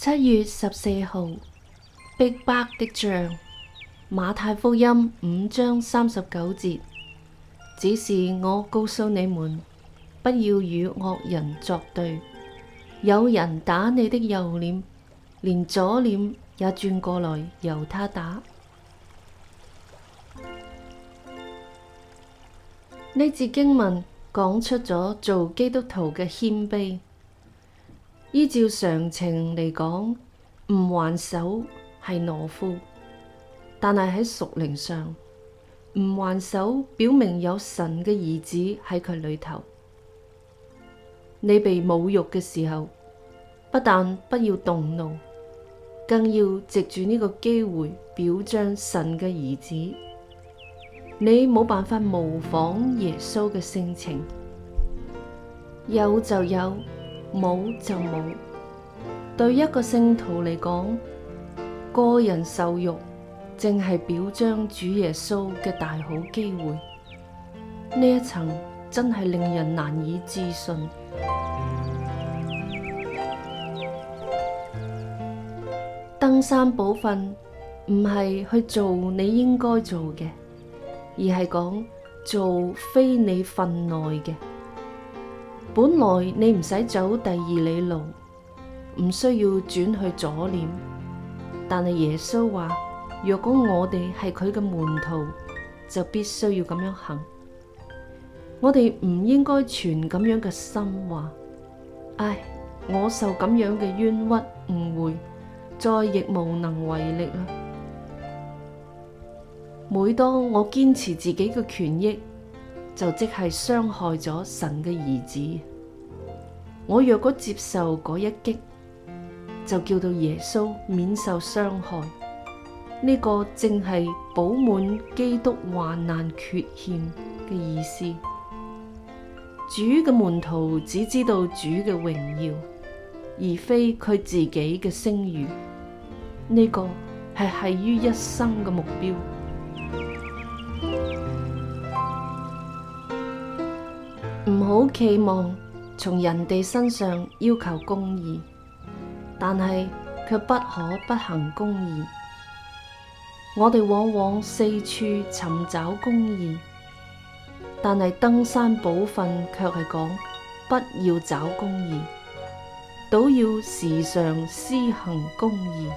七月十四號，逼巴的像馬太福音五章三十九節，只是我告訴你們，不要與惡人作對。有人打你的右臉，連左臉也轉過來由他打。呢節經文講出咗做基督徒嘅謙卑。依照常情嚟講，唔還手係懦夫，但係喺屬靈上，唔還手表明有神嘅兒子喺佢裏頭。你被侮辱嘅時候，不但不要動怒，更要藉住呢個機會表彰神嘅兒子。你冇辦法模仿耶穌嘅性情，有就有。冇就冇，對一個聖徒嚟講，個人受辱正係表彰主耶穌嘅大好機會。呢一層真係令人難以置信。登山寶訓唔係去做你應該做嘅，而係講做非你份內嘅。本來你唔使走第二里路，唔需要轉去左臉。但係耶穌話：若果我哋係佢嘅門徒，就必須要咁樣行。我哋唔應該存咁樣嘅心話：唉，我受咁樣嘅冤屈誤會，再亦無能為力啦。每當我堅持自己嘅權益，就即係傷害咗神嘅兒子。我若果接受嗰一擊，就叫到耶穌免受傷害。呢、這個正係飽滿基督患難缺欠嘅意思。主嘅門徒只知道主嘅榮耀，而非佢自己嘅聲譽。呢、這個係繫於一生嘅目標。唔好期望從人哋身上要求公義，但係卻不可不行公義。我哋往往四處尋找公義，但係登山寶訓卻係講不要找公義，倒要時常施行公義。